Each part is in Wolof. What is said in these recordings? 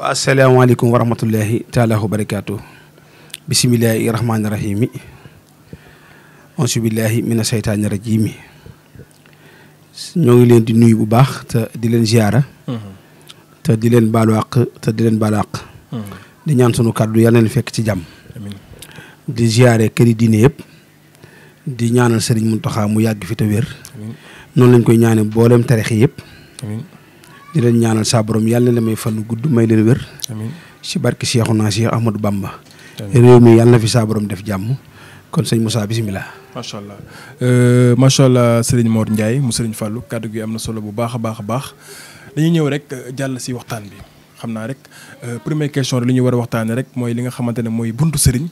waa asalaamaaleykum wa rahmatullahi taala wa barakaatu bisimilahi rahmaani rahimi onsu billahi mina seytaani rajimi ñoo ngi leen di nuyu bu baax te di leen ziara mm-hmm. te di leen baalu àq di leen baalu mm-hmm. ñaan sunu kàddu yal na leen fekk ci jàmm di ziare këri diine yëpp di ñaanal sëriñ Muntaxa mu yàgg fi te wér noonu lañ koy ñaane booleem tarix yëpp di leen ñaanal saa borom yàlla na la may fan gudd may leen wér. amiin si barke Cheikhouna Cheikh Ahmadou Bamba. réew mi yàlla na fi saa def jàmm. kon sëñ Moussa bisimilah. macha allah euh, macha allah sëriñ Mor Ndiaye mu sëriñ Fallou kàddu gi am na solo bu baax a baax a baax dañuy ñëw rek euh, jàll si waxtaan bi. xam naa rek euh, première question li ñuy war a waxtaanee rek mooy li nga xamante ne mooy buntu sëriñ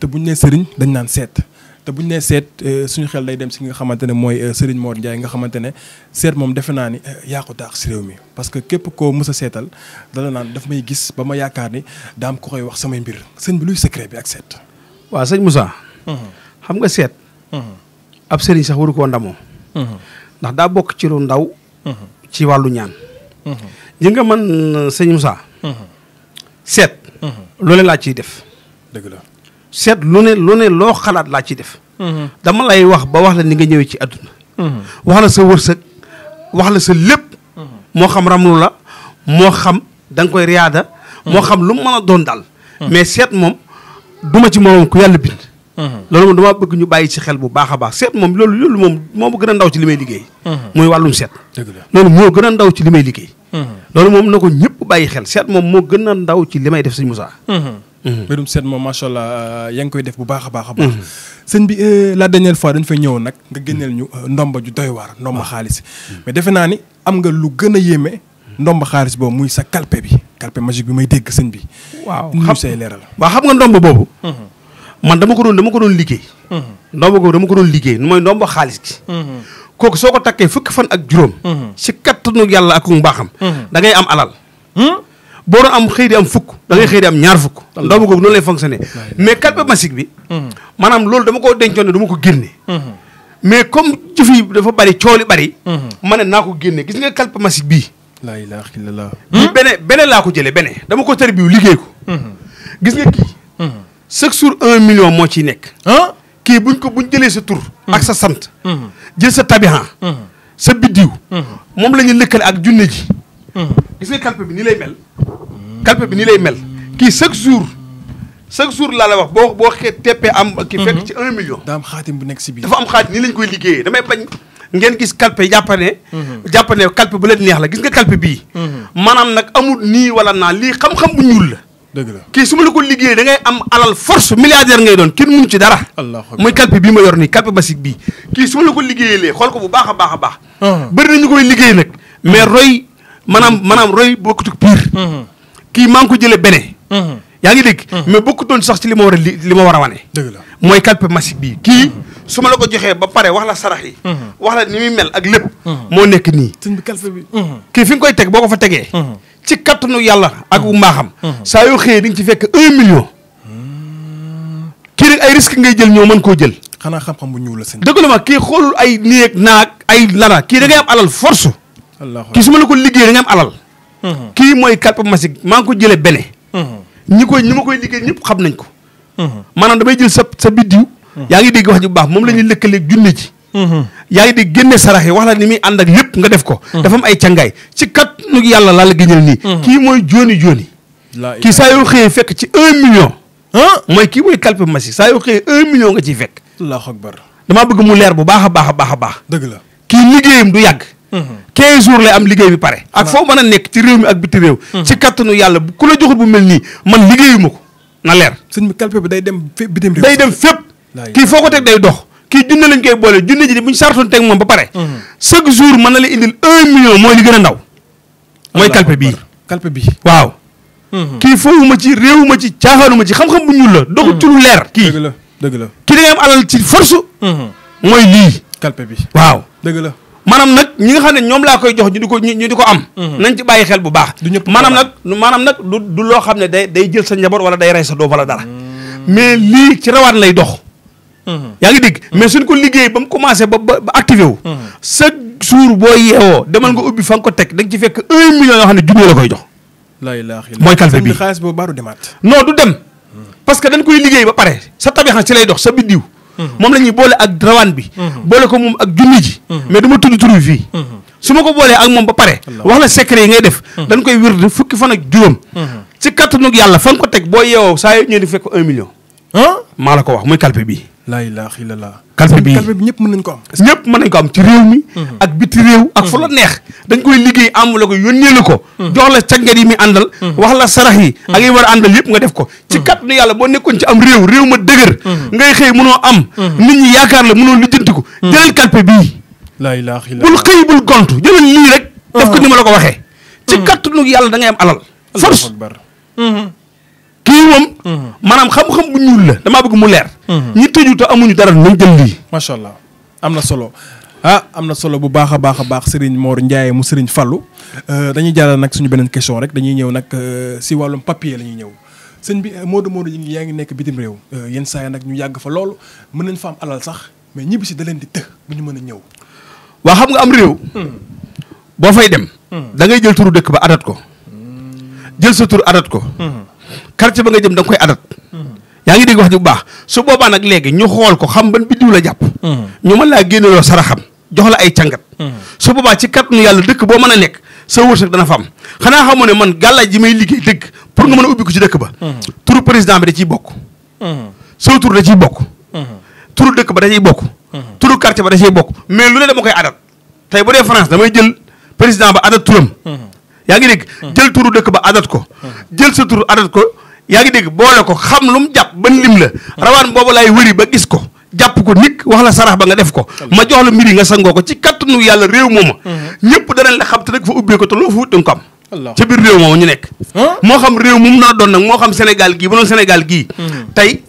te bu ñu nee sëriñ dañ naan seet te bu ñu nee seet euh, suñu xel day dem si nga xamante ne mooy euh, Serigne Mor Ndiaye nga xamante ne seet moom defe naa ni euh, yaa ko taax si réew mi parce que képp koo mës a seetal dala naan daf may gis ba ma yaakaar ni daam ko koy wax samay mbir sëñ bi luy secret bi ak seet. waa sëñ Moussa. Mhm. xam nga seet. Mhm. ab sëriñ sax waru koo ndamoo. Mhm. ndax daa bokk ci lu ndaw. ci wàllu ñaan. ñi nga man sëñ Moussa. seet. loolee laa ciy def. dëgg la. seet lu ne lu ne loo xalaat laa ci def. Mhm. dama lay wax ba wax la ni nga ñëwee ci àdduna. Mhm. wax la sa wërsëg wax la sa lépp. Mhm. moo xam ramul la moo xam danga koy riyaada. moo xam lu mu mën a doon daal. mais seet moom duma ci morom ku yàlla bind. loolu moom damaa bëgg ñu bàyyi ci xel bu baax a baax seet moom loolu loolu moom moo gën a ndaw ci li may liggéey. muy wàllum seet. loolu moo gën a ndaw ci li may liggéey. loolu moom na ko ñëpp bàyyi xel seet moom moo gën a ndaw ci li may def sëñ Moussa. Mm-hmm. mbirum seet moom macha allah euh, yaa ngi koy def bu baax a baax a baax. Mm-hmm. sëñ bi euh, la dernière fois dañ fay ñëwoon nag nga génneel ñu euh, ndomba ju doy waar ndomba ah. xaalis mm-hmm. mais defe naa ni am nga lu gën a yéeme ndomba xaalis boobu muy sa kalpe bi calpe magique bi may dégg sëñ bi. waaw xam say leeral. waaw xam nga ndomb boobu. man dama ko doon dama ko doon liggéey. ndomb boobu dama ko doon liggéey mooy ndomba xaalis gi. kooku soo ko takkee fukki fan ak juróom. si kattanu yàlla ak mbaaxam. boo am xëy am fukk da ngay xëy am ñaar fukk ndaw ma googu noonu mais calpe bi hmm. maanaam loolu dama koo dencoon ne dama ko génne hmm. mais comme jëf yi dafa bari cool yi bari hmm. ma ne naa ko génne gis nga calpe masique bi laa ilaaha illallaah bii bene bene laa ko jëlee bene dama ko tër biu liggéey ko gis nga kii chaque un million moo ciy nekk kii buñ ko buñ jëlee sa tur ak sa sant jël sa tabihan sa biddiw moom la ñu lëkkale ak junne ji Mm-hmm. gis nga calpe bi nii lay mel. calpe jour chaque jour laa la wax boo boo xee teppee am. ki fekk mm-hmm. ci un million. bu nekk si biir. dafa am xaatim nii lañ koy liggéeyee damay bañ. ngeen gis calpe jàppane jàppane mm-hmm. calpe bu leen neex la gis nga calpe bii maanaam nag amul nii wala naa lii xam-xam bu ñuul la dëgg la kii su ma la ko liggéey da ngay am alal force milliardaire ngay doon kenn mënu ci dara muy calpe bii ma yor nii calpe basique bii ko liggéeyee lee xool ko bu baax a baax a baax uh-huh. bëri nañu koy liggéey nag mais uh-huh. roy manam manam roy bokku tuk pire. hmm ki man ko jele bene. Mhm. yaa ngi deg mhm. mais bokku ton sax ci li wara war wara li li wane. dëgg la moy calpe massif bi ki mhm. suma ma la ko joxee ba pare wax la sarax yi. wax la ni mi mel ak lepp mo nek ni sun bi calpe bi. hmm ki fi ngoy tek boko boo ko fa tegee. ci kattanu yalla ak bu mbaaxam. saa yoo xëyee di nga ci fekk 1 million. Hmm. kii ay risque ngay jël ñoo man ko jël. xana xam-xam bu ñuul la seen deug la ma ki xolul ay niek ak ay lara ki da ngay am alal force ki suma lako liggey da nga am alal ki moy kalpe masik maa ko jele bene mhm. ñi koy ñi ma koy liggey ñep xam nañ ko manam mhm. damay jël sa sa bidiw mhm. ya ngi deg wax ju baax mom lañu lekkale lëkkaleeg junne ji yaa ngi deg genné sarax wax la ni mi and ak lepp nga def ko dafa am ay cangaay ci kat nu yalla la la gënal ni ki moy joni joni ki sa yo xëyee fekk ci 1 million moy ki moy kalpe masik sa yo xëyee 1 million nga ci fekk allahu akbar dama bëgg mu leer bu baaxa baaxa baaxa baax deug la ki liggéeyam du yagg 15 jours lay am liggéey bi pare. ak foo man a nekk ci réew mi ak biti réew. Mm-hmm. ci kattanu yàlla ku la joxut bu mel nii man liggéeyuma ko na leer. sëñ bi calpe bi day dem fépp bitim day dem fépp kii foo ko teg day dox. kii junne lañ koy boole junne ji de bu ñu sartoon teg moom ba pare. Mm-hmm. chaque jour mën na la indil 1 million mooy li gën a ndaw. mooy calpe bi calpe bii waaw. Mm-hmm. kii foowuma ci réewuma ci caaxaanuma ci xam-xam bu ñuul la. doxul ci lu leer kii la dëgg la. kii da ngay am alal ci force. mooy maanaam nag ñi nga xam ne ñoom laa koy jox ñu di ko ñu di ko am mhm. nañ ci bàyyi xel bu baax maanaam nag maanaam nag du du loo xam ne day day jël sa njaboot wala day rey sa doom wala dara mhm. mais lii ci rawaan lay dox mhm. yaa ngi dégg mais suñ ko liggéey ba mu commencé ba ba activé wu chaque jour boo yeewoo demal nga ubbi fa nga ko teg da ci fekk million yoo xam ne junni la koy jox la ilaha illallah mooy calfe bi xaalis demaat non du dem parce que dañ koy liggéey ba pare sa tabax ci lay dox sa biddiw moom la ñuy boole ak rawaan bi. boole ko moom ak junni ji. mais du ma tudd bi fii. su ma ko boolee ak moom ba pare. wax la secret yi ngay def. Hmm. dañ koy wird fukki fan ak juróom. ci kattanu yàlla fan ko teg boo yeewoo saa yoo ñëwee di fekk un million. maa la ko wax muy calpe bii. la ilaha illallah. kalpe bi kalpe bi ñëpp mën nañ ko am ñëpp mën nañ ko am ci réew mi ak biti réew ak fu la neex dañ koy liggéey am la ko yónnee la ko jox la caggat yi muy àndal wax la sarax yi ak yi war a àndal yëpp nga def ko ci kàttanu yàlla boo nekkoon ci am réew réew ma dëgër ngay xëy mënoo am nit ñi yaakaar la mënoo lijjanti ko jëlal kalpe bii laa ilaaha illa bul xëy bul gont jëlal lii rek def ko ni ma la ko waxee ci kàttanu yàlla da ngay am alal force lii moom. maanaam xam-xam bu ñuul la damaa bëgg mu leer. Mhm. ñi tëju te amuñu dara nañ jël lii. macha allah am na solo ah am na solo bu baax a baax a baax Serigne Mor Ndiaye mu Serigne falu euh, dañuy jàllale nag suñu beneen question rek dañuy ñëw nag euh, si wàllum papier la ñuy ñëw. sëñ bi euh, Modou Modou yi yaa ngi nekk bitim réew yenn saa yi nag ñu yàgg fa loolu mën nañ fa am alal sax mais ñibbi si da leen di të bu ñu mën a ñëw. waa xam nga am réew. Hmm. boo fay dem. Hmm. da ngay jël dëkk ba adat ko. Hmm. jël sa tur ko. quartier ba nga jëm da koy adat yaa ngi dégg wax ji bu baax su boobaa nag léegi ñu xool ko xam ban biddiw la jàpp mm-hmm. ñu mën laa génneloo xam jox la ay càngat mm-hmm. su boobaa ci kàttanu yàlla dëkk boo mën a nekk sa wërsëg dana fa am xanaa xamoo ne man gàllaaj ji may liggéey dëgg pour nga mën a ubbi ko ci dëkk ba mm-hmm. turu président bi da ciy bokk soo tur da ciy bokk turu dëkk ba da ciy bokk turu quartier ba da bokk mais lu ne dama koy adat tey bu dee France damay jël président ba adat yaa ngi dégg jël turu dëkk ba adat ko jël sa turu adat ko yaa ngi dégg boole ko xam lu mu jàpp ban lim la rawaan boobu laay wëri ba gis ko jàpp ko nit wax la sarax ba nga def ko ma jox la mbir yi nga sangoo ko ci kattanu yàlla réew mooma ñëpp danañ xam te nag fa ubbee ko te loo fa wut danga biir réew mooma ñu nekk moo xam réew moom naa doon nag moo xam Sénégal gii ba noon Sénégal gii hmm. tey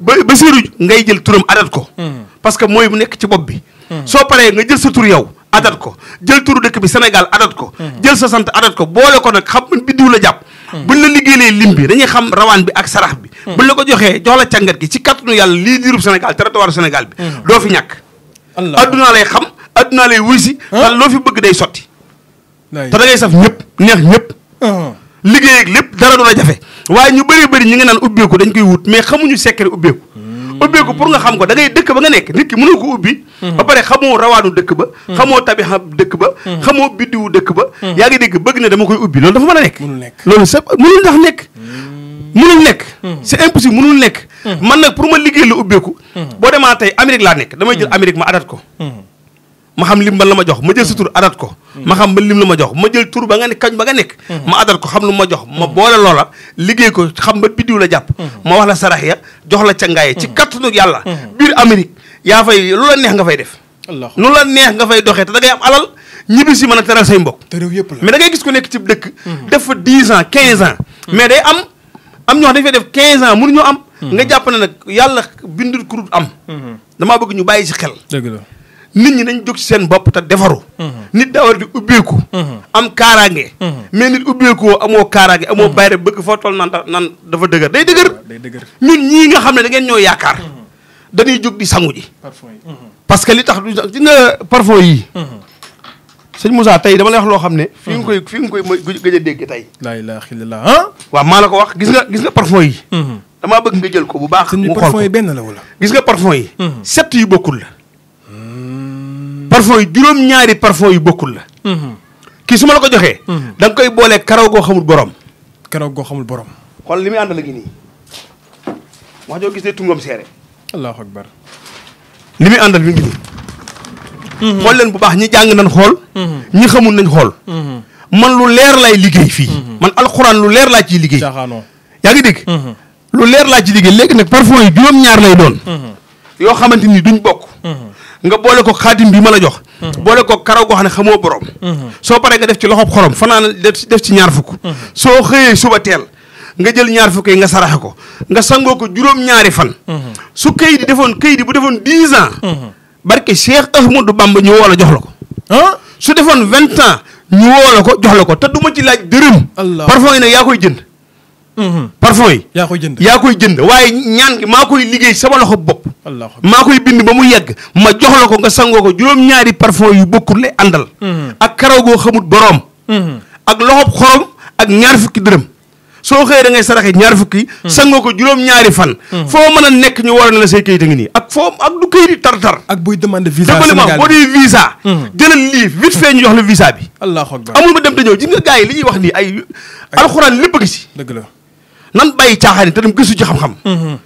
ba Basiiru ngay jël turam adat ko hmm. parce que mooy bu nekk ci bopp bi hmm. soo paree nga jël sa tur yow adat ko jël turu dëkk bi Sénégal adat ko mhm. jël sa sant adat ko boole ko nag xam man biddiw la jàpp mhm. buñ la liggéeyee lim bi dañuy xam rawaan bi ak sarax bi mhm. buñ la ko joxee jox la càngat gi ci kattanu yàlla lii diirub Sénégal territoire Sénégal bi doo fi ñàkk addunaa lay xam addunaa lay si wala loo fi bëgg day sotti te da ngay saf ñëpp neex ñëpp uh-huh. liggéey ak lépp dara du jafe waaye ñu bëri bëri ñu nga naan ubbeeku dañ koy wut mais xamuñu secret ubbeeku ubbeeku pour nga xam ko dangay dëkk ba nga nekk nit ki mënoo ko ubbi mhm. ba pare xamoo rawaanu dëkk ba mhm. xamoo tabixa dëkk ba mhm. xamoo biddiwu dëkk ba yaa ngi dégg bëgg na dama koy ubbi loolu dafa mën a nekk loolu sa mënul ndax nekk mënul nekk c'est impossible mënul nekk man nag pour ma liggéey la ubbeeku boo demaa tey Amérique laa nekk damay jël Amérique ma adat ko ma xam lim ban la ma jox ma jël sa tur adat ko ma xam ban lim la ma jox ma jël ba nga ne kañ ba nga nekk ma adat ko xam lu ma jox ma boole loola liggéey ko xam ba biddiw la jàpp ma wax la sarax ya jox la cangaay ci kattanu yàlla biir Amérique yaa fay lu la neex nga fay def lu la neex nga fay doxee te da am alal ñibbi si mën a teral say mbokk mais da gis ku nekk ci dëkk def fa dix ans quinze ans mais day am am ñoo xam dañ fay def quinze ans mënuñoo am nga jàpp ne nag yàlla bindul kurut am mhm. dama bëgg ñu bàyyi si xel nit ñi nañ jóg ci seen bopp te defaru mhm. nit daa war di ubbeeku mhm. am kaaraange mhm. mais nit ubbeekoo amoo kaaraange amoo bayre bëgg foo toll nan dafa dëgër day dëgër ñun ñii nga xam ne da ngeen ñoo yaakaar dañuy jóg di sangu ji parce que li tax du di nga parfum yii sëñ tey dama lay wax loo xam ne fi nga koy fi nga koy gëj a dégg tey laa ilaaha illallaah ah waaw maa la ko wax gis nga gis nga parfum yi damaa bëgg nga jël ko bu baax mu xool yi benn la wala gis nga parfum yi set yu bokkul la parfum yi juróom-ñaari parfum yu bokkul la. Mm-hmm. kii su ma la ko joxee. Mm-hmm. da koy boolee karaw goo xamul borom. karaw goo xamul borom. xool li muy àndal gi nii wax joo gis ne tungoom seere. allahu li muy àndal mi ngi nii. Mm-hmm. xool leen bu baax ñi jàng nañ xool. ñi xamul nañ xool. man lu leer laay liggéey fii. man alxuraan lu leer laa ciy liggéey. yaa ngi dégg. lu leer laa ci liggéey léegi nag parfum yi juróom-ñaar lay doon. yoo xamante ni duñ bokk. nga boole ko xaatim bi ma la jox. Mhm. boole ko karaw goo xam ne xamoo borom. Mhm. soo paree nga def ci loxob xorom fanaan def ci ñaar fukk. Mhm. soo xëyee suba teel nga jël ñaar fukk nga saraxe ko nga sangoo ko juróom-ñaari fan. su këy defoon këy di bu defoon dix ans. barke Cheikh Ahmadou Bamba ñu woo la jox la ko. su defoon vingt ans ñu woo ko jox la ko te du ma ci laaj dërëm. parfois nag yaa koy jënd. Mhm. parfum yi. yaa koy jënd yaa koy jënd waaye ñaan gi maa koy liggéey sama loxo bopp. maa koy bind ba mu yegg ma jox la ko nga sangoo ko juróom-ñaari parfum yu bokkul lay àndal. Mhm. ak karaw goo xamut boroom. Mhm. ak bu xorom ak ñaar fukki dërëm. soo xëyee da ngay saraxe ñaar fukki. sangoo ko juróom-ñaari fan. foo mën a nekk ñu waroon la say kayit a ngi nii ak foo ak du kayit tar-tar. ak buy demande visa Sénégal boo dee visa. jëlal lii vite fait ñu jox la visa bi. amul ma dem te ñëw yi li ñuy wax nii ay. lépp a si. la nan bàyyi caaxaan yi te dem gisu ci xam-xam. Mhm.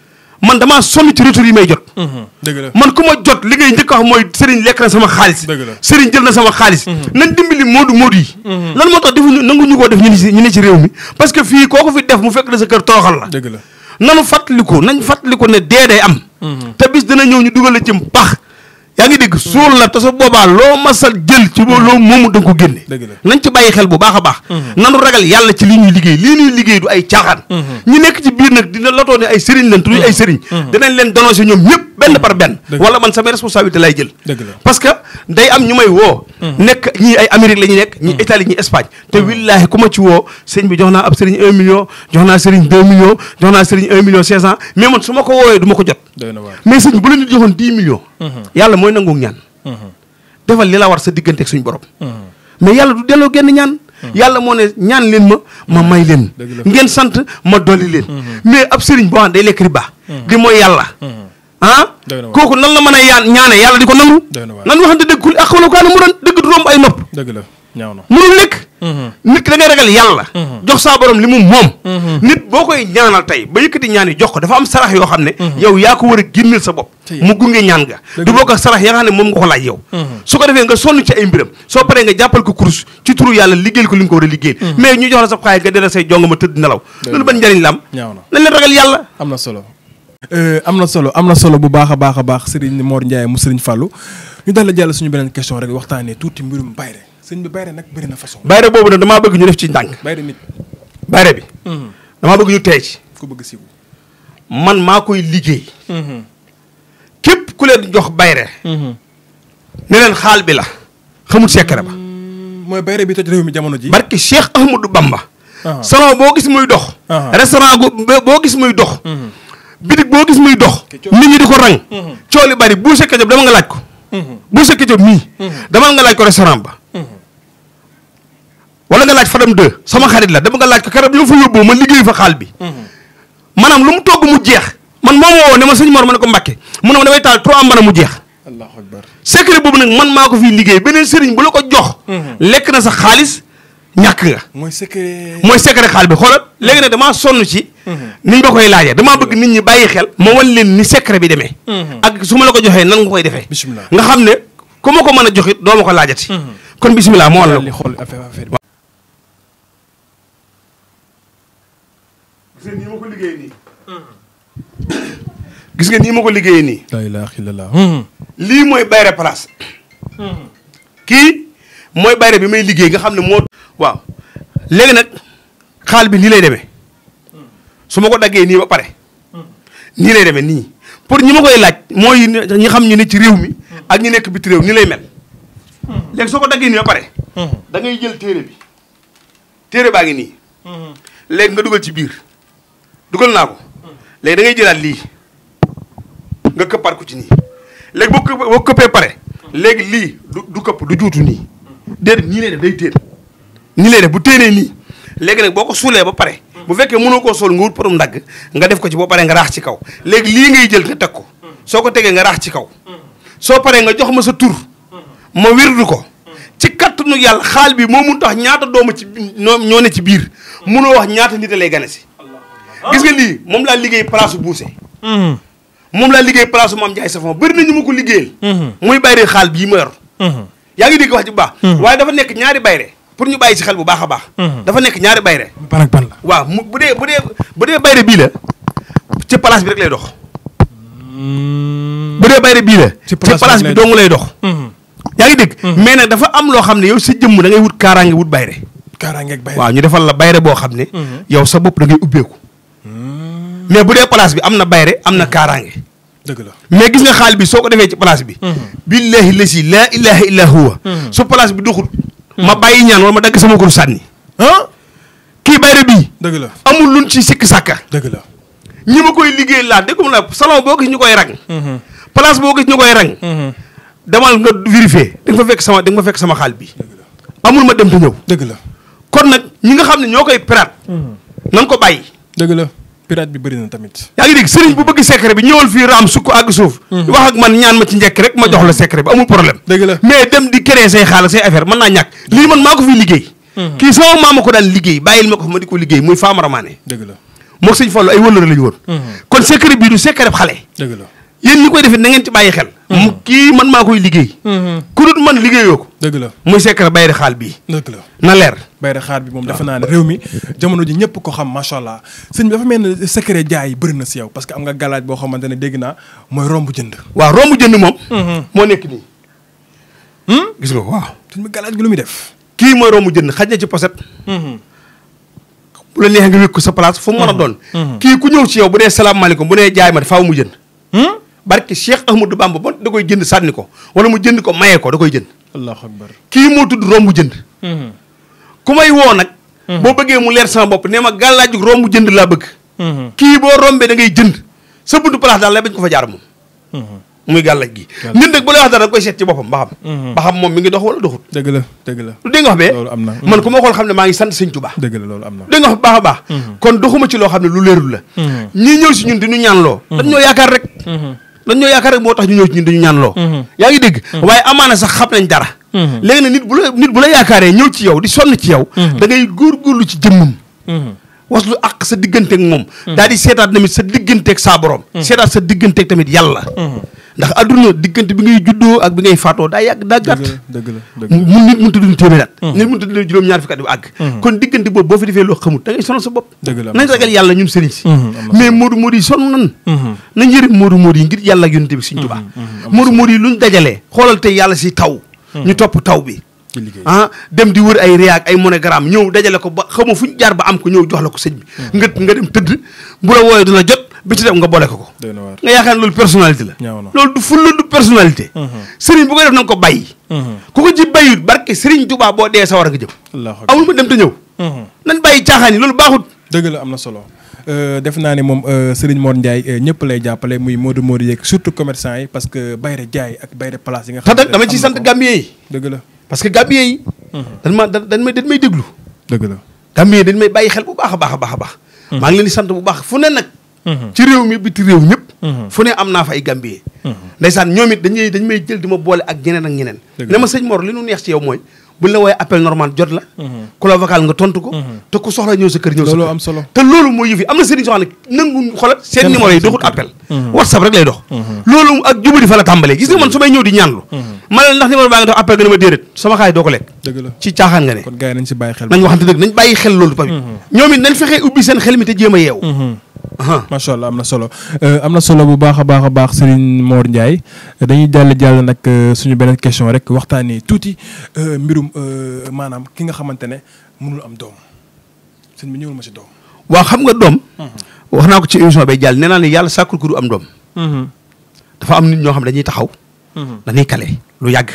man damaa sonn ci retour yi may jot. Mhm. dëgg man ku ma jot li ngay njëkk a mooy Serigne lekk na sama xaalis. dëgg la Serigne jël na sama xaalis. Mhm. nañ dimbali moodu moodu yi. lan moo tax defuñu nanguñu koo def ñu ne ci ñu ne ci réew mi parce que fii koo ko fi def mu fekk na sa kër tooxal la. dëgg la nanu fàttaliku nañ fàttaliku ne dee day am. te bis dina ñëw ñu dugal la ci pax yaa ngi dégg suul la te su boobaa loo masal jël ci loo moomu da nga ko génne nañ ci bàyyi xel bu baax a baax mhm. nanu ragal yàlla ci li ñuy liggéey lii ñuy liggéey du ay caaxaan mhm. ñi nekk ci biir nag dina lotoo ne ay sëriñ lañ tuñu ay mhm. sëriñ dinañ leen dénoncé ñoom ñëpp benn par benn wala man samay responsabilité lay jël parce que day am ñu may woo hmm. nekk ñii hmm. hmm. ma su ma ko woowee du ma ko jot mais sëñ bi bu la ñu joxoon dix millions yàlla mooy nangu ñaan defal yàlla du delloo genn ñaan yàlla moo ne ñaan leen ma ma may leen ngeen sant ma dolli leen mais ab sëriñ boo xam day lekk riba di mooy yàlla ah kooku nan la mën a yaan yàlla di ko nangu nan waxante dëgg kul aqwala mu doon nekk mhm. nit ki da ngay yàlla mhm. jox saa li mu moom mhm. nit boo koy ñaanal tey ba yëkkati ñaan jox dafa am sarax yoo xam ne yow yaa war a génneel sa bopp mu gunge ñaan nga du bokk ak sarax ya moom nga ko laaj su ko defee nga sonn ci ay mbiram soo paree nga jàppal ko kurus ci turu yàlla liggéeyal ko li nga ko war a liggéeyal mais ñu jox la sa xaalis nga delloo say jong tëdd am na solo am na solo bu baax a baax a baax Serigne Mor Ndiaye mu Serigne Fallou ñu daal di jàll suñu beneen question rek waxtaanee tuuti mbirum bayre sëñ bi bayre nag bëri na façon. bayre boobu nag damaa bëgg ñu def ci ndànk. bayre nit bayre bi. damaa bëgg ñu tey ci. ku bëgg siiw. man maa koy liggéey. képp ku leen jox bayre. ne leen xaal bi la. xamul sekkere ba. mooy bayre bi toj réew mi jamono ji. barke Cheikh Ahmadou Bamba. salon boo gis muy dox. restaurant boo gis muy dox. bitig boo gis muy dox. nit ñi di ko rang. Mm-hmm. cooli bari Boucher Ketchup dama nga laaj ko. Mm-hmm. Boucher Ketchup mii. Mm-hmm. dama nga laaj ko restaurant ba. wala nga laaj Fadam 2 sama xarit la dama nga laaj ko keroog bi ma fa yóbbu ma liggéey fa xaal bi. maanaam lu mu togg mu jeex. man moom woo ne ma sëñ Mor ma ne ko Mbàkke mu ne ma damay taal trois mbana mu jeex. allahu akbar secret boobu nag man maa ko fiy liggéey beneen sëriñ bu la ko jox. lekk na sax xaalis. ñàkk nga. mooy secret mooy secret xaal bi xoolal léegi ne damaa sonn ci. Mhm. ni nga koy laajee damaa bëgg nit ñi bàyyi xel. ma wan leen ni secret bi demee. Mhm. ak su ma la ko joxee nan nga koy defee. bisimilah nga xam ne ku ko mën a joxit doo ma ko laajati. Mhm. kon bisimilah moo la. xool affaire affaire bi. nga nii ma ko liggéeyee nii. gis la ilaha lii mooy bayre place. kii mooy bayre bi may liggéey nga xam ne moo. waaw léegi nag xaal bi nii lay deme su ma ko daggee nii ba pare nii lay demee nii pour ñi ma koy laaj mooy ñi xam ñu ne ci réew mi ak ñi nekk biti réew nii lay mel léegi soo ko daggee nii pare da ngay jël téere téere baa ngi nii léegi nga dugal ci biir dugal naa ko léegi da ngay jëlaat lii nga këppaat ko ci nii léegi boo këppee pare léegi lii du këpp du juutu nii déedéet ñii lay def day téer ni lay bu téenee nii léegi nag boo ko suulee ba pare bu fekkee mënoo koo sol nga wut potum dagg nga def ko ci boo pare nga rax ci kaw léegi lii ngay jël nga teg ko soo ko tegee nga raax ci kaw soo paree nga jox ma sa tur ma wirdu ko ci kattanu yàlla xaal bi moo mun tax ñaata doomu ci ñoo ne ci biir munoo wax ñaata nit lay gane si gis nga moom laa liggéey place buuse moom laa liggéey place maam Ndiaye Safon na ñu ma ko liggéeyal mhm. muy bayre xaal bii ma yor mhm. yaa ngi di dégg wax ji bu mhm. waaye dafa nekk ñaari bayre pour ñu bàyyi si xel bu baax a baax. Mhm. dafa nekk ñaari bayre. ban ak ban la waaw mu bu dee bu dee bu dee bayre bii la ci place bi rek lay dox. bu dee bayre bii lay dox mhm. yaa ngi dégg. Mhm. mais nag dafa am loo xam ne yow sa jëmm da ngay wut kaaraange wut bayre. kaaraange ak ñu defal la bayre boo xam ne. yow sa bopp da ngay ubbeeku. mais bu dee place bi am na bayre am na kaaraange. dëgg la mais gis nga xaal bi soo ko defee ci place bi. billaahi la si laa ilaaha illa huwa su place bi doxul. ma bàyyi ñaan wala ma dagg sama groupe sànni. kii bayre bii. dëgg la amul luñ ci sikki sàkka. dëgg la ñi ma koy liggéey laa déggum la salon boo gis ñu koy rang. Mhm. place boo gis ñu koy rang. Mhm. demal nga vérifier da nga fa fekk sama da fa fekk sama xaal bi. amul ma dem te ñëw. dëgg la kon nag ñi nga xam ne ñoo koy piraat. Mhm. nan ko bàyyi. dëgg la. pirate bi bari na tamit. yaa ngi dégg sëriñ bu bëgg secret bi ñëwul fi ram suku àgg suuf. Mhm. wax ak man ñaan ma ci ñek rek ma jox la secret bi amul problème. deug la mais dem di créer say xaal say affaire man na ñak li man mako fi liggéey. Mhm. ki so maama ko dal liggéey bayil mako ma diko liggéey muy Famara Mané. deug la mo sëñ fallu ay wëllëre lañu wër mhm. kon secret bi du secret xalé deug la yeen ni koy def na ngeen ci bayyi xel. mu man mako liggéey. ku dut man liggéeyoko deug la muy secret xaal bi deug la na lèr bayra xaar bi moom ah. defe naa ne réew mi jamono ji ñëpp ko xam macha allah sëñ bi dafa mel ne secret jaay nga mhm. nekk hmm? mhm. la neexee nga wékk ko sa place fu mu mën a mhm. doon kii ku ñëw ci yow bu nee salaamaaleykum bu nee jaay ma faaw mu jënd hmm? barke Cheikh Ahmadou Bamba ba da koy jënd sànni ko wala mu jënd ko mayee ko da koy jënd allahu akbar kii moo tudd romb jënd ku may woo nag. Mhm. boo bëggee mu leer sama bopp nee ma gàllaaju romb jënd laa bëgg. Mhm. kii boo rombee da ngay jënd sa buntu place daal lay bañ ko fa jaar moom. Mhm. muy gàllaaj gi nit nag ba lay wax dara ba xam ba xam ngi dox wala doxut dëgg la dëgg la lu dégg nga wax na man ku ma xool xam ne maa ngi sant sëñ Tuubaa dëgg la loolu am na dégg nga wax baax a baax kon doxuma ci loo xam ne lu leerul la ñii ñëw si ñun di ñu ñaan loo dañ ñoo yaakaar rek dañoo yaakaar rek moo tax ñu ñëw ci dañu ñaan loo mm-hmm. yaa ngi dégg mm-hmm. waaye amaana sax xam nañ dara mm-hmm. léegi nag nit bu la bu la yaakaaree ñëw ci yow di sonn ci yow da ngay góorgóorlu ci jëmm was waslu ak sa digganteek moom daal di seetaat tamit sa digganteeg saa borom seetaat sa digganteeg tamit yàlla ndax aduna digënté bi ngay juddo ak bi ngay faato da yag daa gàtt dëgg la mu nit mu tudd téeméer nat mm. nit mu tudd juroom ñaar fi kat bu ag mm. kon digënté bob bo fi defee lo xamut da ngay sonal sa bopp nañ ragal yalla ñun sëriñ mm-hmm, mais modou moodu yi nan nañ mm-hmm. yëri modou moodu yi ngir yalla ak yoonte bi suñ tuba mm-hmm, modou moodu yi luñ dajalé xolal tey yalla si taw ñu top taw bi ah dem di wër ay réac ay monogram ñew dajale ko xamu xamoo fuñ jaar ba am ko ñew jox la ko sëñ bi nga nga dem tëdd bu la woyé du jot bi ci dem nga boole ko ko. nga yaakaar loolu personnalité la. loolu du fulla du personnalité. Mhm. sëriñ bu koy def na ko bàyyi. Mhm. ku ko ci bàyyiwut barke sëriñ Tuubaa boo dee sawar a nga jëm. amul ma dem te ñëw. Mhm. nañ bàyyi caaxaan yi loolu baaxut. dëgg la am na solo. Euh, def naa ne moom euh, Serigne Mor Ndiaye euh, ñëpp lay jàppale muy Modou Mor yeeg surtout commerçant yi parce que Bayre jaay ak Bayre place yi nga. xam ne dama ciy yi. dëgg la parce que Gambien yi. dañ ma dañ may dañ yi dañ a baax a a Mhm. ci réew mi biti réew ñëpp mhm. fu ne am naa fa ay gambiyee mhm. ndaysaan ñoom dañ may jël di ma boole ak ñeneen ak ñeneen ne nu neex ci yow mooy buñ la wooyee appel normal jot la ku la vocal nga tontu ko te ku soxla ñëw sa kër ñëw sa kër am solo te yi am na appel whatsapp rek lay dox loolu ak jubadi fa la tàmbalee gis nga man su may ñëw di ñaanlu ma la ndax numéro baa nga dox appel nga ne ma déedéet sama xaalis doo ko lekk ci caaxaan nga ne kon gars yi dëgg nañ bàyyi xel loolu pa ñoom nañ fexee ubbi seen xel mi te jéem a yeewu macha allah am na solo euh, am na solo bu baax a baax a baax Serigne Mor Ndiaye dañuy jàll jàll nag euh, suñu beneen question rek waxtaanee tuuti euh, mbirum maanaam ki nga xamante ne mënul am doom sëñ bi ñëwul ma si doom. waaw xam nga doom. Mhm. wax naa ko ci émission ba jàll nee ne yàlla sàkkul ku am doom. Mhm. dafa am nit ñoo xam dañuy taxaw. Mhm. dañuy kale lu yàgg.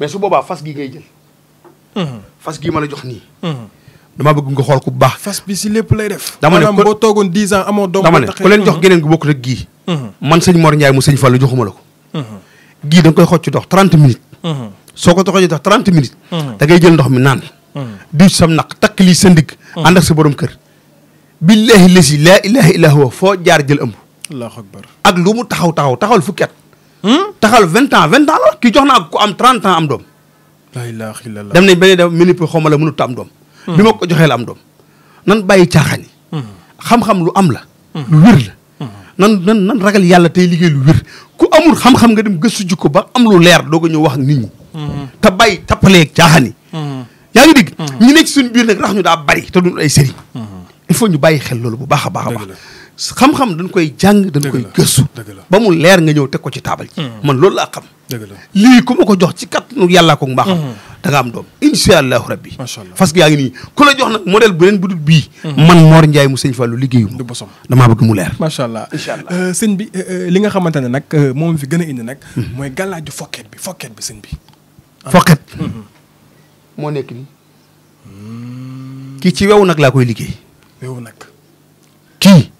mais su boobaa fas gi ngay jël. fas gi ma la jox nii. dama bëgg nga xool ku baax. fas bi si lépp lay def. dama ne boo toogoon dix ans amoo doom. dama ne ku leen jox geneen gu bokkul ak gii. man sëñ Mor Ndiaye mu sëñ Fallou joxuma la ko. gii da nga koy xocc ndox trente minutes. soo ko toxee ndox trente minutes. da ngay jël ndox mi naan. diw sam naq takk lii sa ndigg. ànd ak sa borom kër. billahi lasi laa ilaha illa huwa foo jaar jël ëmb. allahu akbar ak lu mu taxaw taxaw taxawal fukki at. taxawal vingt ans vingt ans la ki jox naa ku am trente ans am doom. la ilaha illa allah dem nañ benn dem minute xaw ma la mënut am doom mi ma ko joxee la am doom nan bàyyi caaxaan yi xam-xam lu am la lu wér la nan nan nan ragal yàlla tey liggéey lu wér ku amul xam-xam nga dem gëstu jikko ba am lu leer doo ko ñëw wax nit ñi te bàyyi tappaleeg caaxaan yi yaa ngi dégg mm-hmm. ñu nekk suñu biir nag rax ñu daa bari te duñ ay sëriñ mm-hmm. il faut ñu bàyyi xel loolu bu baax a baax a baax xam-xam dañ koy jàng dañ koy gëstu ba mu leer nga ñëw teg ko ci taabal ji mm. man loolu laa xam lii ku ko jox ci kàttanu yàllaa ko mbaaxam mm-hmm. da nga am doom insha allahu rabbi parce que yaa ngi nii ku la jox nag modèle beneen bu dul bii mm-hmm. man Mor Ndiaye mu sëñ Fallou liggéeyu ma damaa bëgg mu leer macha allah incha allah euh, sëñ bi euh, euh, li xamante ne nag moom fi gën a indi nag mm-hmm. mooy gàllaaju fokket bi fokket bi sëñ bi ah. fokket moo nekk ni mm. kii ci wew nag laa koy liggéey wew kii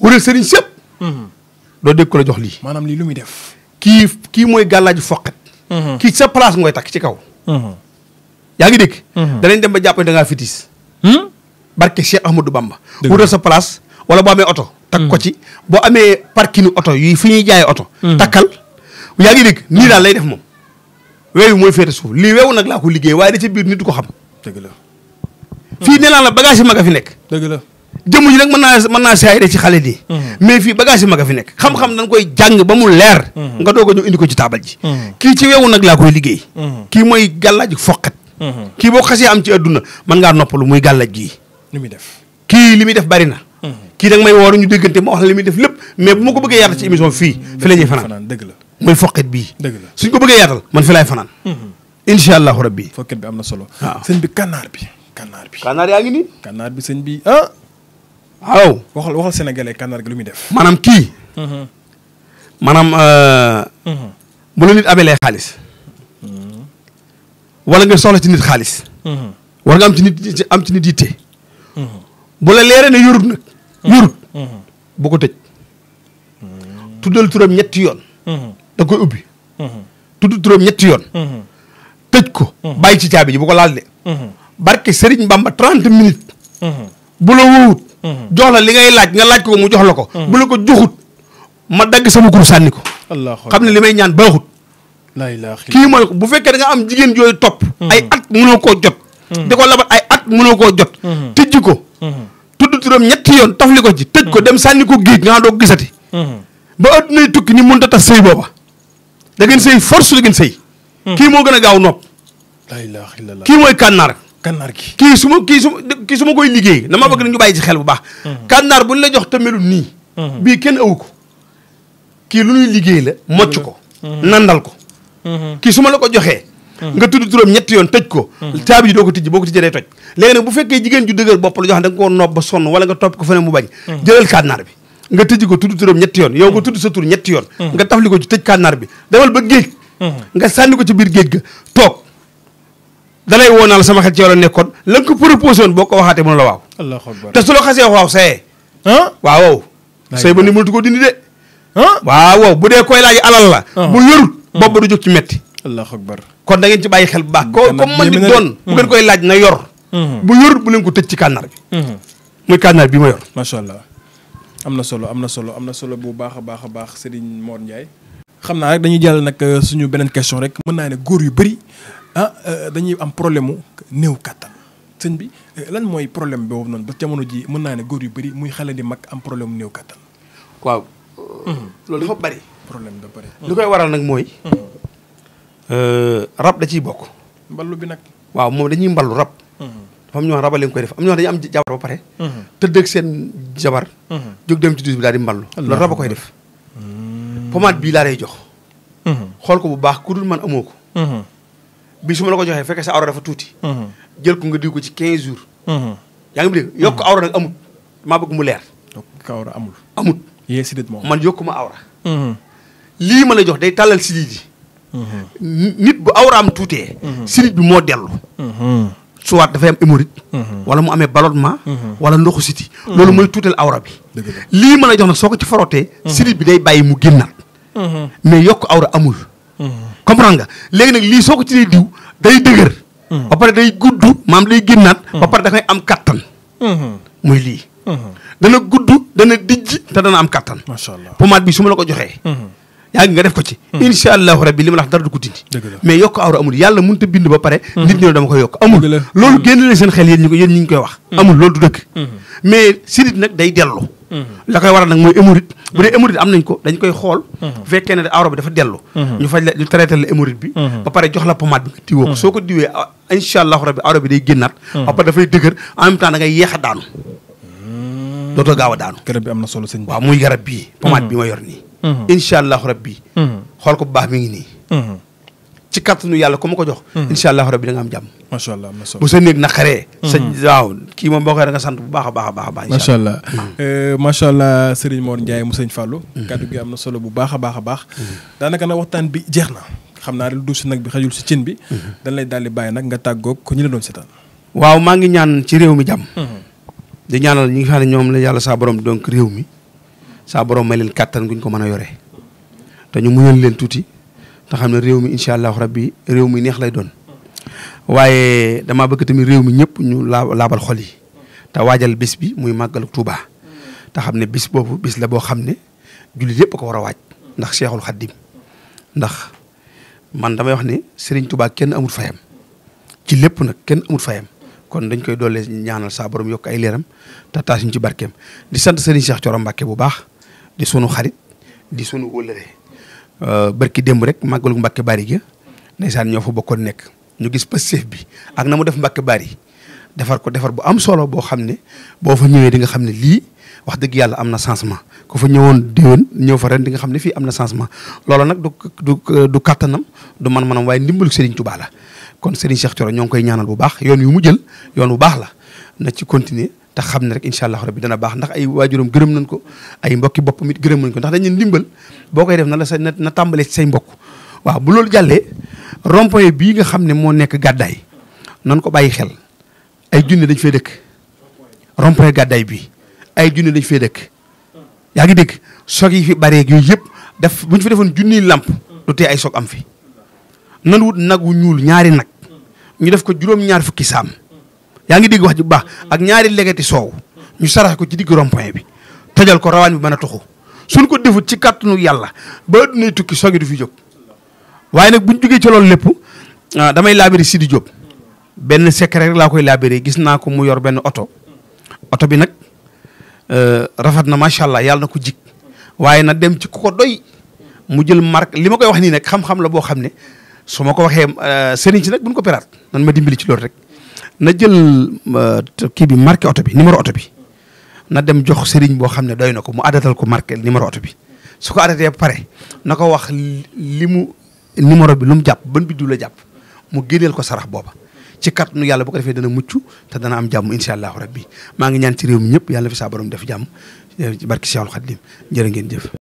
wëreel sëriñ sëpp. doo mhm. dégg la jox lii. maanaam lii lu muy def. kii kii mooy gàllaaju foqet. Mhm. kii sa place mooy takk ci kaw. Mhm. yaa ngi dégg. danañ dem ba jàpp ne da ngaa fitis. Hmm? barke Cheikh Ahmadou Bamba. wutal sa place wala boo amee oto. takk ko ci boo amee parking oto yi fi ñuy jaayee oto. takkal yaa ngi dégg nii daal lay def moom. weewu mooy féete suuf lii weewu nag laa ko liggéey waaye da ci biir nit du ko xam. dëgg la fii nee la bagage yi mag a fi nekk. dëgg la. jëmm ji nag mën naa mën naa saayire ci xale di mm-hmm. mais fii bagage yi mag a fi nekk xam-xam dañ koy jàng ba mu leer mm-hmm. nga doog a ñëw indi ko ci taabal ji mm-hmm. kii ci weewu nag laa koy liggéey kii mooy gàllaaj foqat kii boo xasee am ci adduna mën ngaa noppalu muy gàllaaj gii li muy def kii li muy def bari na kii danga may wooru ñu déggante ma wax la li muy def lépp mais bu ma ko bëggee yaatal ci émission fii fi la ñuy fanaan dëgg la mooy foqet bii dëgg la suñ ko bëggee yaatal man fi laay fanaan incha allahu rabbi foqet bi am na solo waaw sëñ bi kanaar bi kanaar bi kanaar yaa ngi nii waaw waxal waxal sénégalais kànnaar gi lu muy def. maanaam kii. Mhm. maanaam. Euh, mhm. bu la nit abelee xaalis. wala nga soxla ci nit xaalis. Mhm. war nga am ci nit ci am yitte. bu la leeree ne yorut nag. yorut. bu ko tëj. tuddal turam ñetti yoon. da koy ubbi. tudd turam ñetti tëj ko. bàyyi ci caabi ji bu ko laal de. barke Serigne Bamba 30 minutes. bu la wowut. Mhm. jox la li ngay laaj nga laaj ko mu jox la ko. Mhm. bu la ko joxut ma dagg sama kur sànni ko. xam ne li may ñaan baaxut. kii mooy ko bu fekkee da nga am jigéen yooyu topp. Mhm. ay at mënoo koo jot. di ko labat ay at mënoo koo jot. tëj ko. tudd turam ñetti yoon li ko ci tëj ko dem sànni ko géej nga doo gisati. ba addunay tukki ni mënut a tas sëy booba. da ngeen sëy force da ngeen sëy. kii moo gën a gaaw nopp. kii mooy kànnaar. gànnaar kan gi kii su ma kii su kii koy liggéey dama bëgg nañu bàyyi ci xel bu baax hmm. gànnaar buñ la jox te melul nii hmm. bii kenn awu ko kii lu ñuy liggéey la mocc ko hmm. nandal ko kii su ma la ko joxee nga tudd turam ñetti yoon tëj ko caabi ji doo ko tijji boo ko day toj léegi bu fekkee jigéen ju dëgër bopp la jox da nga koo noob ba wala nga topp ko feneen mu bañ jëlal bi nga tëj ko tudd turam ñetti yoon yow nga sa tur yoon nga ci bi dawal ba géej nga sànni ko ci ga dalay woonaal sama xel ci yow la nekkoon la nga ko proposé woon boo ko waxaatee mu ne la waaw. allahu akbar te su la xasee waaw see. ah waaw. sëy ba ni mënatu ko dindi de. ah waaw bu koy laaj alal la. bu yorut bopp du jóg ci metti. allahu akbar kon da ngeen ci xel ko di don? bu ngeen koy laaj na yor. Hmm. bu yorut bu leen ko ci bi. Hmm. muy bi ma yor. allah am solo am solo am solo bu baax a baax Serigne Mor Ndiaye. xam rek dañuy jàll nag euh, suñu beneen question rek ne yu ah euh, dañuy am problème mu néew kàttan sëñ bi euh, lan mooy problème boobu noonu ba jamono ji mën naa ne góor yu bëri muy xale di mag am problème mu néew kàttan. waaw. Hmm. loolu dafa bari. problème dafa bari. li koy waral nag mooy. Hmm. Euh, rab ciy bokk. bi nag. waaw moom dañuy mballu rab. Hmm. dafa am ñoo xam rabal koy def am ñoo xam dañuy am jabar ba pare. tëdd seen jabar. jóg dem ci bi daal di mballu. loolu rab koy def. pommade bii laa lay jox. xool ko bu baax ku dul man amoo ko. bii su ma la ko joxee fekk sa awra dafa tuuti. Mhm. jël ko nga diw ko ci 15 jours. Mhm. yaa ngi dégg yokk mhm. awra nag amut maa bëgg mu leer. yokk amul. amut yee sidit man yokkuma awra. lii ma la jox day tàllal sidit yi. nit bu awraam tuutee. sidit bi moo dellu. soit dafay am wala mu amee ballonnement. wala ndoxu siti loolu mooy tuutal awra bi. ma jox nag soo ko ci forootee. sidit bi day bàyyi mu génnaat. mais yokk awra amul. comprendre nga léegi nag lii soo ko ci dee diw day dëgër. Mhm. ba pare day gudd maam day génnaat. ba mhm. pare dafay am kattan. Mhm. muy lii. dana gudd dana dijj te dana am kattan. macha allah pommade bi su ma la ko joxee. yaa ngi nga def ko ci. incha allahu rabbi li ma la dara du ko mais yokk awra amul yàlla mun a bind ba pare. nit ñi dama koy yokk amul. loolu génn leen seen xel ko yéen ñu ngi koy wax. amul loolu du dëkk. mais sidit nag day dellu. Mm-hmm. la koy waral nag mooy hémorroïde mm-hmm. bu dee hémorroïde am nañ ko dañ koy xool mm-hmm. fekkee ne awra bi dafa dellu ñu faj la ñu traité la hémorroïde bi ba pare jox la pommade bi nga diwoo soo ko diwee ah, incha rabbi bi day génnaat ba pare dafay dëgër da ngay yeex a daanu a daanu am na solo sëñ bi waaw muy garab bii pommade bi ma yor nii incha allahu rabbi xool ko bu baax mi ngi nii ci kàttanu yàlla ku ma ko jox. Hmm. incha allah rabbi da nga am jàmm. bu sa néeg naqaree. Hmm. sa waaw kii moom boo ko da nga sant bu baax a baax a baax a baax. macha allah hmm. eh, macha allah Serigne Mor Ndiaye mu sëñ Fallou. kaddu gi am na solo bu baax a baax a baax. daanaka nag waxtaan bi jeex na xam naa lu duus nag bi xajul si cin bi. dañ lay daal di bàyyi nag nga tàggoog ko ñu la doon seetaan. waaw maa ngi ñaan ci réew mi jàmm. di ñaanal ñi nga xam ne ñoom la yàlla sa borom donc réew mi saa borom may leen kàttan ko mën a yore te ñu muñal te xam ne réew mi incha allah rabbi réew mi neex lay doon waaye dama bëgg tamit réew mi ñëpp ñu laa laabal xol yi te waajal bis bi muy màggalu Touba te xam ne bis boobu bis la boo xam ne jullit yëpp ko war a waaj ndax seexul Khadim ndax man damay wax ne Serigne Touba kenn amul fayam ci lépp nag kenn amul fayam kon dañ koy doole ñaanal saa borom yokk ay leeram te taasuñ ci barkeem di sant Serigne Cheikh Thioro Mbacké bu baax di sunu xarit di sunu wëllëre Euh, bërki démb rek màggalu Mbàkke Bari gi ndeysaan ñoo fa bokkoon nekk ñu gis Pastef bi ak na mu def Mbàkke Bari defar ko defar bu am solo boo xam ne boo fa ñëwee di nga xam ne lii wax dëgg yàlla am na changement ku fa ñëwoon déwén ñëw fa ren di nga xam ne fii am na changement loolu nag du du du kattanam du man-manam waaye ndimbalu Serigne Touba la kon Serigne Cheikh Thioro ñoo ngi koy ñaanal bu baax yoon yu mu jël yoon bu baax la na ci continuer te xam ne rek incha allah rabbi dana baax ndax ay waajuram gërëm nañ ko ay mbokki boppam it gërëm nañ ko ndax dañu ndimbal boo koy def na la sa na tàmbalee say mbokk waaw bu loolu jàllee rond-point bii nga xam ne moo nekk gàddaay nan ko bàyyi xel ay junne dañ fee dëkk rompo point gàddaay bi ay junne dañ fee dëkk yaa ngi dégg soog yi fi bareeg yooyu yëpp def bu ñu fi defoon junniy lamp du te ay soog am fi nan wut nag wu ñuul ñaari nag ñu def ko juróom-ñaar fukki saam yaa ngi dégg wax ji bu baax ak ñaari legati soow ñu sarax ko ci digg rond bi tojal ko rawaan bi mën a tuxu suñ ko defut ci kàttanu yàlla ba tukki soogi du fi jóg waaye nag buñ jógee ci loolu lépp ah, damay laabiri Sidi Diop benn secret rek laa koy laabiri gis naa ko mu yor benn oto oto bi nag euh, rafet na macha allah yàlla na ko jig waaye na dem ci ku ko doy mu jël marque li ma koy wax nii nag xam-xam la boo xam ne su ma ko waxee euh, sëriñ si nag buñ ko peraat nan ma dimbali ci loolu rek na jël euh, kii bi marqué oto bi numéro oto bi na dem jox sëriñ boo xam ne doy na ko mu adatal ko marke numéro oto bi su ko adatee pare na ko wax li mu numéro bi lu jàpp jàpp ban biddu la jàpp mu génneel ko sarax booba ci kàttanu yàlla boo ko defee dana mucc te dana am jàmm insha allahu rabbi maa ngi ñaan ci réew ñëpp yàlla fi saa borom def jàmm ci barki Seexul Xadiim ngeen jëf